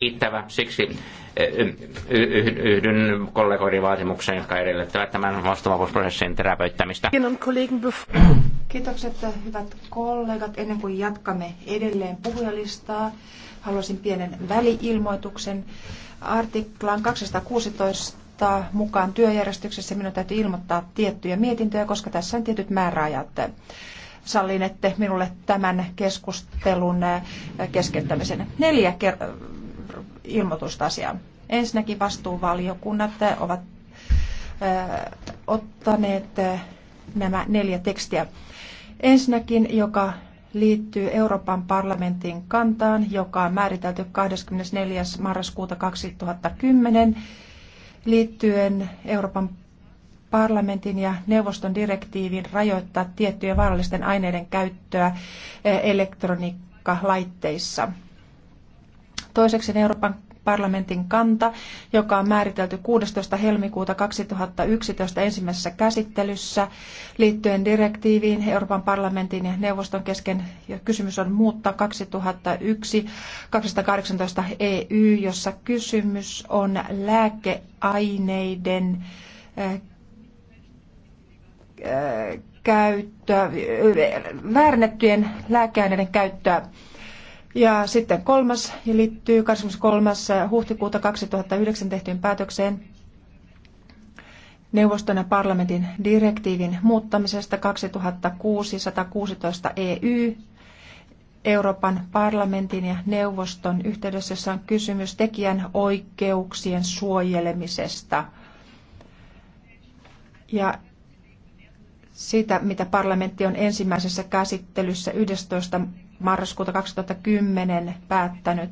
riittävä. Siksi eh, yhdyn kollegoiden vaatimukseen, jotka edellyttävät tämän vastuvapausprosessin terävöittämistä. Kiitokset hyvät kollegat. Ennen kuin jatkamme edelleen puhujalistaa, haluaisin pienen väliilmoituksen. Artiklan 216 mukaan työjärjestyksessä minun täytyy ilmoittaa tiettyjä mietintöjä, koska tässä on tietyt määräajat sallinette minulle tämän keskustelun eh, keskeyttämisen. Neljä ker- ilmoitusta Ensinnäkin vastuuvaliokunnat eh, ovat eh, ottaneet eh, nämä neljä tekstiä. Ensinnäkin, joka liittyy Euroopan parlamentin kantaan, joka on määritelty 24. marraskuuta 2010 liittyen Euroopan parlamentin ja neuvoston direktiivin rajoittaa tiettyjen vaarallisten aineiden käyttöä elektroniikkalaitteissa. Toiseksi niin Euroopan parlamentin kanta, joka on määritelty 16. helmikuuta 2011 ensimmäisessä käsittelyssä liittyen direktiiviin Euroopan parlamentin ja neuvoston kesken. Ja kysymys on muuttaa 2001 218 EY, jossa kysymys on lääkeaineiden äh, äh, käyttöä, äh, väärennettyjen lääkeaineiden käyttöä ja sitten kolmas ja liittyy 23. huhtikuuta 2009 tehtyyn päätökseen neuvoston ja parlamentin direktiivin muuttamisesta 2616 EY Euroopan parlamentin ja neuvoston yhteydessä, jossa on kysymys tekijän oikeuksien suojelemisesta ja siitä, mitä parlamentti on ensimmäisessä käsittelyssä 11 marraskuuta 2010 päättänyt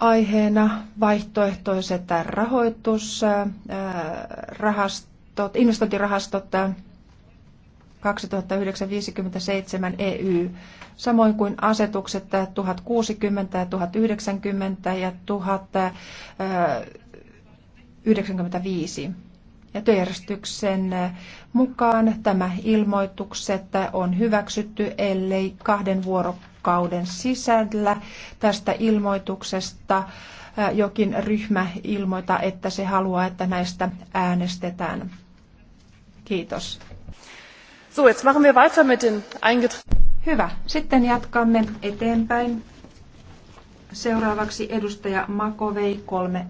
aiheena vaihtoehtoiset rahoitusrahastot, investointirahastot 2957 EU samoin kuin asetukset 1060 ja 1090 ja 1095 ja työjärjestyksen mukaan tämä ilmoitukset on hyväksytty, ellei kahden vuorokauden sisällä tästä ilmoituksesta jokin ryhmä ilmoita, että se haluaa, että näistä äänestetään. Kiitos. So, jetzt machen wir weiter mit den Hyvä. Sitten jatkamme eteenpäin. Seuraavaksi edustaja Makovei kolme